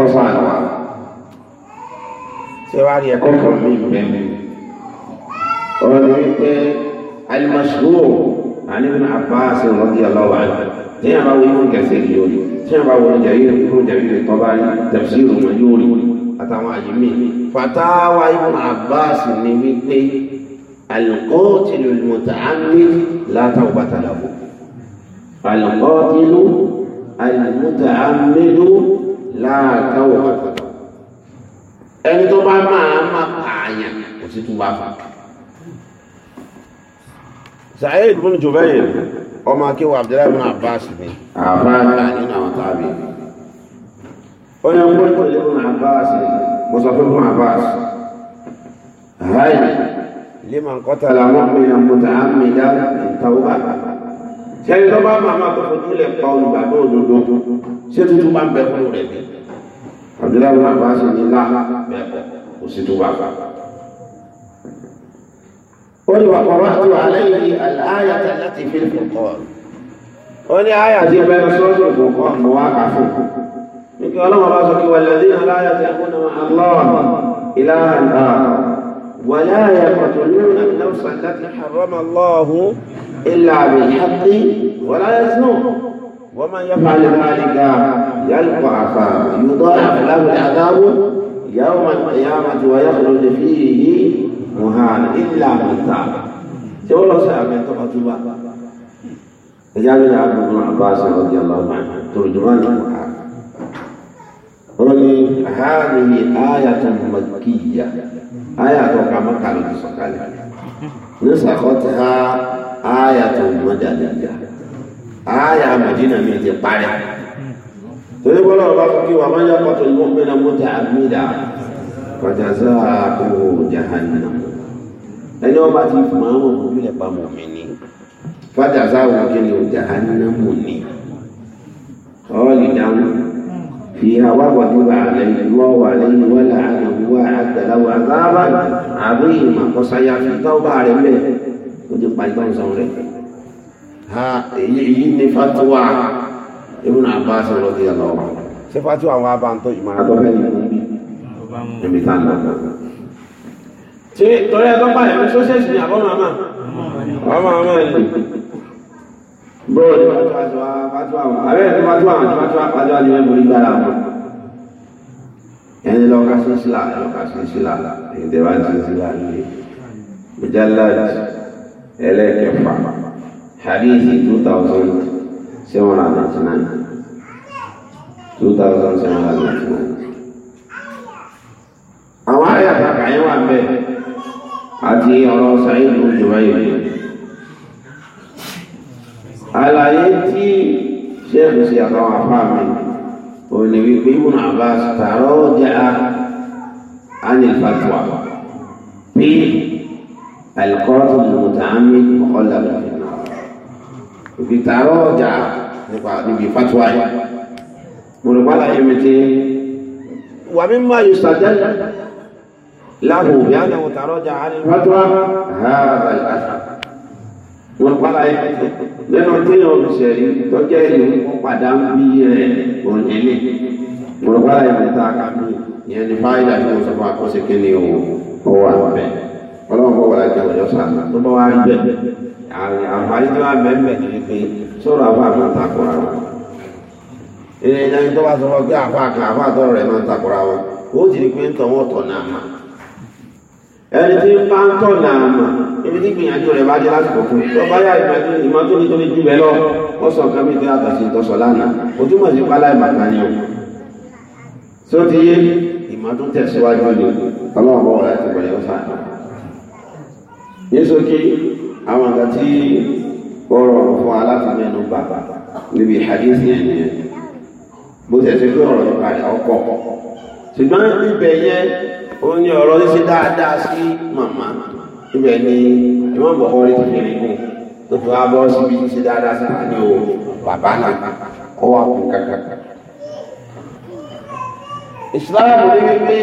àwọn àti ṣé wàá rí ẹ̀kọ́ kan mí bẹ́ẹ̀ ọ̀rọ̀ ni wípé alimọ̀ṣúwò àníbi àbáṣe rọ́bì aláwọ̀ ní àbá wo yóò kẹsẹ̀ yìí orí tí àbá wo jẹ yìí kúrò jẹ yìí tọ́ bá rí tẹ̀sí ìrùmọ̀ yóò rí àtàwọn àyè mí fatawa ibùn abbas ni wípé alikọ́tìlù mùtàámi látàwọn bàtà làwọn alikọ́tìlù alimùtàámi látàwọn bàtà ẹni tó bá máa má pààyàn kò sí tún bá fà. Sa'id bin Jubayr ọmọ akéwà Abdullahi bin Abbas ni àbáyé nínú àwọn tábì. ó yẹ kó tó lé bin Abbas mo sọ fún bin Abbas. Hàyè liman qatala mu'minan muta'ammidan tawba. Ṣé ẹni tó bá máa máa tó fojú lẹ̀ pa olùgbàgbọ́ òdodo ṣé tuntun bá ń bẹ fún rẹ̀ bẹ́ẹ̀? حضرات مقواس جنا وستوا قل وقرأت عليه الآية التي في الفرقان وني آية زي ما رسول الفرقان مواقع فيه من قال ما رأسك والذين لا يتقون مع الله إله آخر ولا يقتلون النفس التي حرم الله إلا بالحق ولا يزنون ومن يفعل ذلك يلقى عذاب يضاعف له العذاب يوم القيامة ويخرج فيه مهانا إلا من تاب جولة سامية تقتل Jalilah Abu Abbas radhiyallahu anhu terjemahan Quran. Orang ini ini ayat yang makia ayat yang kamu kalau sekali. Nusa kotha ayat yang madaniyah. ààyè àmàdínà mi ti parí torí bọ́lá ọba kí wà máa ń yàpọ̀ tó ló ń bẹ́ẹ̀ náà mọ́tà àmìdá kọjàzá àkókò jahannam ẹni ọba ti fún àwọn ọmọ ìbílẹ̀ pamọ́ mi ni fàjàzá wà kí ni jahannam ni ọ̀ọ́lì dáhùn fi hawa wà nígbà àlẹ́ wà lẹ́yìn wọ́lá àlẹ́ ìwọ́ àtàláwọ̀ àzáàbà àbí ìmọ̀ àkọsáyà fi tọ́ba rẹ̀ mẹ́ ó ti pa ìgbà ìsọ̀rọ̀ rẹ̀ ha èyí èyí ní fatuwa ibùn abbas lọ́dí ọlọ́wọ́ ṣé fatuwa wà bá ń tó ìmọ̀ àtọ́fẹ́ ní ẹ̀mí tá nà ṣe torí ẹ̀tọ́ bá ẹ̀mí sọ́ṣẹ́sì ní àbọ̀nà àmà àmà àmà ẹ̀mí bọ́ọ̀lù fatuwa fatuwa fatuwa fatuwa ni ẹ̀mí orí gbára wọn ẹni lọ́ka sọ́sílà lọ́ka sọ́sílà ìdẹ̀wà sọ́sílà ní mujallad ẹlẹ́kẹfà Hadith 2799. 2799. Àwọn àyà kàkà yẹn wà bẹ́ẹ̀ àti ọ̀rọ̀ Sa'id ló jù wáyé yẹn. Àlàyé tí ṣẹ́ẹ̀kù sí àtàwọn afá mi ò ní wípé Ibn Abbas tààrọ́ fatwa òbí tààrọ̀ ọjà nípa níbi fatuwa yìí mọ̀rọ̀pálá ẹ̀mí ti wà mí máa yóò sàjẹ́ láàbò òbí ànáwó tààrọ̀ ọjà á ní fatuwa ààbà ìlànà mọ̀rọ̀pálá ẹ̀mí ti lẹ́nu téèyàn olùsẹ̀rí tọ́jẹ́ ìlú padà ń bí rẹ̀ òǹdílé mọ̀rọ̀pálá ẹ̀mí ta kàmí ìyẹn ní fáyidà tí wọ́n sọ fún akọ́sẹ̀kẹ́ ní owó ọwọ́ àbẹ̀ àǹfààní tó wà mẹ́mẹ́ ni wípé sọ̀rọ̀ àfa àmà takora wọn. ilé ìdájọ́ tó bá sọ fún pé àfa kan àfa àtọ́rọ̀ rẹ̀ máa ń takora wọn ó ti di pé ń tọwọ́ tọ̀ náà mà. ẹni tí ń bá ń tọ̀ náà mà ibi tí gbìyànjú rẹ̀ bá dé lásìkò fún tó bá yá ìmọ̀ tó ní tó ní jù bẹ́ẹ̀ lọ wọ́n sọ nǹkan bíi àtàṣe ìtọ́sọ̀ lánàá ojúmọ̀ sí pálá ìbàtà ni o. só ti yé ìmọ̀ tẹ̀síwájú ni ọlọ́run bọ̀ wọ́n láti bẹ̀rẹ̀ ọ̀sán. yéṣu kí àwọn àgbà tí ó rọrùn fún alátìmẹ́nu bàbà níbi hadith yẹn ni bó tẹ̀ sí pé ọ̀rọ̀ nípa rẹ̀ ọkọ̀ ṣùgbọ́n ibẹ̀ yẹn ó ní ọ̀rọ̀ ṣíṣe dáadáa sí màmá ibẹ̀ ni ìwọ̀n bọ̀ ọ́rí ti fi rí gùn tó fi wá bọ́ síbi ṣíṣe dáadáa sí àní o bàbá náà ó wà kún kankan. ìsìláàmù ní wípé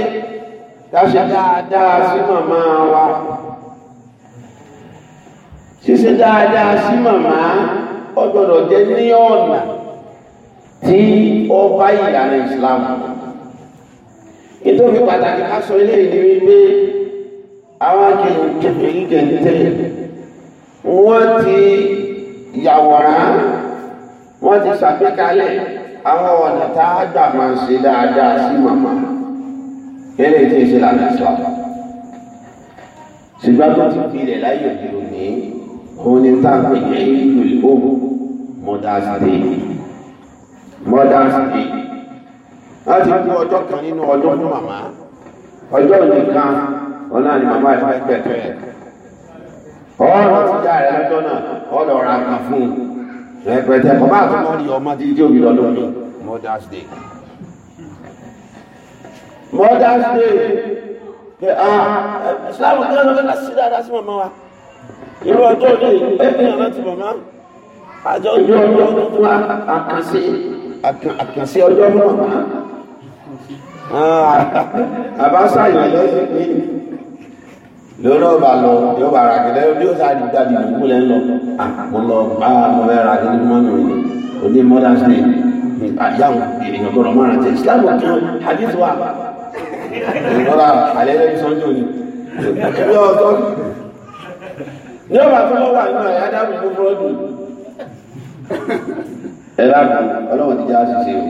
ká ṣe dáadáa sí màmá wa ṣíṣe dáadáa sí màmá ọgbọ́dọ̀ jẹ́ ní ọ̀nà tí ó bá ìlànà Islam ìtòkè pàtàkì aṣọ ilé ìlú wípé àwọn akẹ́yìn kékeré gẹ̀ǹtẹ̀ wọ́n ti yàwòrán wọ́n ti ṣàgbékalẹ̀ àwọn ọ̀nà tá a gbà máa ń ṣe dáadáa sí màmá eré tí ìṣe lànà Islam ṣùgbọ́n tó ti fi ilẹ̀ láyé òde òní òun ni tá a pè ní ìlú òun umm mother's day mother's day láti kú ọjọ́ kan nínú ọdún fún màmá ọjọ́ nìkan ọ̀nà ni màmá ẹ̀ fẹ́ gbẹ̀tọ̀ ẹ̀ ọ̀rọ̀ ti já rẹ̀ lọ́jọ́ náà ọ̀rọ̀ ra kan fún un rẹpẹtẹ kọ́ bá tún lọ́ọ̀rì ọmọ tí tí òbí lọ́dún mi mother's day mother's day ṣe ah islam kí ló ń lọ sí dáadáa sí màmá wa irú ọjọ́ ní ẹbí aláti màmá àjọ ojú ọjọ́ tuntun àkànṣe àkànṣe ọjọ́ màmá àbáṣà ìrìnàjò ṣe pé lórí ọba lọ yóò bá ara kẹlẹ bí ó sáré jáde ìdìbò lẹ ń lọ mo lọ bá mo fẹ́ ra kí ní mọ́mí òní òní mother's day àyàwó ènìyàn gbọ́dọ̀ mọ́ ara tẹ islam kan hadith wa ìrora àlẹ́ lẹ́yìn sọ́njọ́ ni ìjọba ọjọ́ ní ọba tó wọ́n wà nínú àyà dáàbò tó fọ́ dùn. ẹ lára ọlọ́run ti já ṣiṣẹ́ o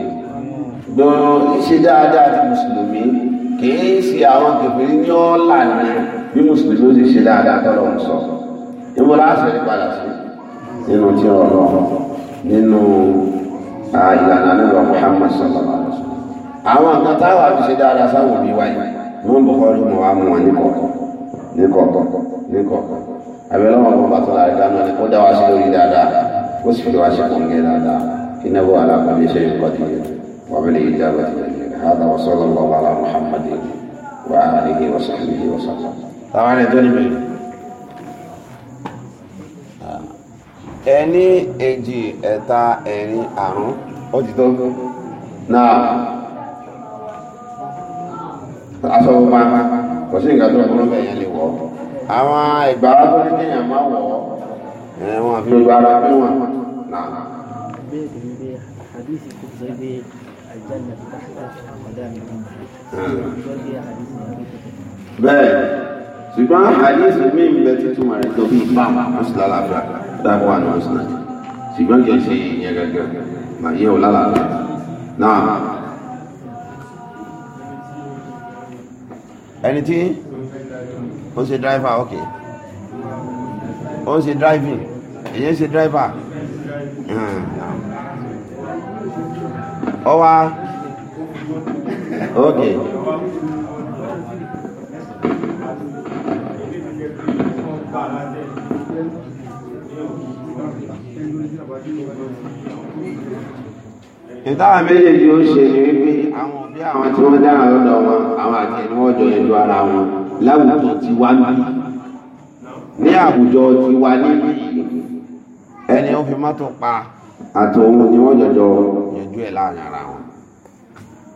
gbọ́n ṣe dáadáa ti mùsùlùmí kì í ṣe àwọn kẹfìrí ní ọ̀la ni bí mùsùlùmí ó ṣe ṣe dáadáa tọ́lọ̀ ń sọ ìwọ́n láṣẹ ìpadà sí nínú tí ọlọ́run nínú ìlànà nílò Muhammad sallallahu alaihi wasallam àwọn nǹkan táwọn àfi ṣe dáadáa sáwọn òbí wáyé wọn bọ̀ kọ́ ló mọ̀ wá mọ̀ wọn níkọ̀ọ̀kan níkọ̀ọ̀kan níkọ̀ọ̀kan abẹ́rẹ́ wọn bọ̀ bàtọ́ láàrin dáná ni kó dá wa sí lórí dáadáa kó sì fi wá sí kòǹgẹ́ dáadáa kí náà bọ̀ alákọ̀ọ́lẹ̀ iṣẹ́ yìí kọ́ tìyẹ wà bẹ́ẹ̀ yìí dábọ̀ tìyẹ hàdà wà sọ́lọ́ lọ́wọ́ ala muhammad wà áhàlìhì wà sàlìhì wà sàlọ́. táwọn ẹni tó ní bẹ̀rẹ̀. ẹni èjì ẹ̀ta ẹ̀rin àrún ó ti tó náà aṣọ gbogbo kò sí nǹkan tó kúrò bẹ̀yẹn lè wọ̀ àwọn ìgbà tó ní kéèyàn máa wọ̀ ẹ̀wọ̀n àfi gbogbo ara bí wọn náà. حديث كتب الجنة تحت أقدامكم. بẹ́ẹ̀ ṣùgbọ́n àdìsí mi ń bẹ títún rẹ̀ tó bí bá mùsùlá lábẹ́ dábọ̀ àwọn mùsùlá ṣùgbọ́n kì í ṣe ìyẹn gẹ́gẹ́ màá yẹ ò lálàá náà. ẹni tí ó ṣe driver ok ó ṣe driving èyí ṣe driver ọ wá ok. Thank you ìtawà méjèèjì ó ṣe ni wípé àwọn òbí àwọn tí wọ́n dára lọ́dọ̀ wọn àwọn àti ẹni wọ́n jọ yanjú ara wọn láwùjọ ti wá níbí ní àwùjọ ti wá níbí ẹni ó fi mọ́tò pa àtòun ni wọ́n jọjọ yanjú ẹ̀ láàrin ara wọn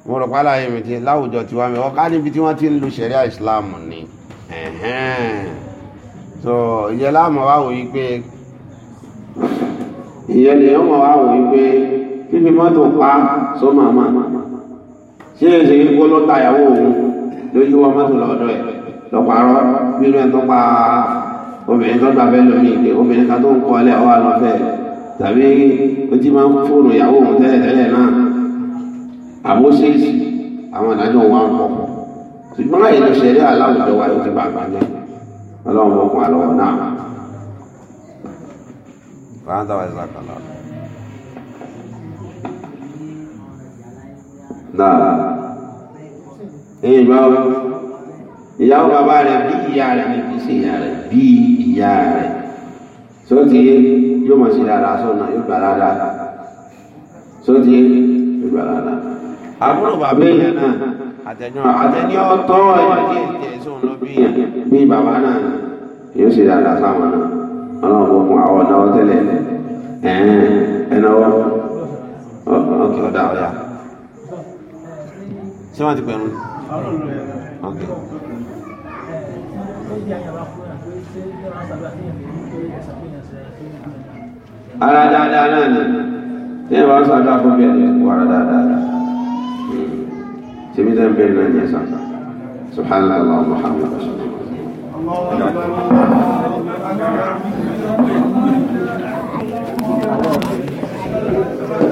mo rò pálá yẹn mi ti láwùjọ ti wá mi wọ́n ká níbi tí wọ́n ti ń lu ṣẹ̀ríà ìsìláàmù ni so ìyẹn láàmú wá wò yí pé ìyẹn lèyàn mọ̀ wá wò yí pé fífi mọ́tò pa sọ́mọ́ àmà ṣé èsè yìí kó ló ta ìyàwó òun lójú wa mọ́tò lọ́dọ̀ ẹ̀ lọ́pàárọ̀ bínú ẹ̀ tó pa obìnrin tó gbàgbẹ́ lómi ìgbé obìnrin kan tó ń kọ́ ẹlẹ́ ọ̀hà lọ́fẹ́ tàbí ó ti máa ń fóònù ìyàwó òun tẹ́lẹ̀ tẹ́lẹ̀ náà àbóṣèṣì àwọn ìdájọ́ wa ń pọ̀ ṣùgbọ́n àyè ló ṣẹlẹ̀ aláwùjọ wa yóò ti bàbá náà ọlọ́run ọkùnrin àlọ́wọ́ náà. náà ìyá ìyàwó bàbá rẹ̀ bí ìyá rẹ̀ ní kí sí ìyá rẹ̀ bí ìyá rẹ̀ tó ti yóò mọ̀ sí dáadáa sọ́nà yóò gbà dáadáa tó ti yóò gbà dáadáa àbúrò bàbá èèyàn náà àtẹ̀yìn àtẹ̀yìn ọ̀tọ̀ ẹ̀yìn tí ẹ̀jẹ̀ sóun lọ bí yàn bí bàbá náà yóò sì dáadáa sáwọn náà ọlọ́run bó fún àwọn ọ̀dọ́ tẹ́lẹ̀ ẹ̀ẹ́n ẹ̀náwó ọ̀kẹ́ ọ̀dà ọ̀yà. سمعتك يا نون اوكي ara dáadáa náà ni tí ẹ bá ń sàdá fún bí ẹni kú ara dáadáa ṣèbí tẹ́ǹpé náà ní ẹ̀sán subhanallah allah muhammad rasulullah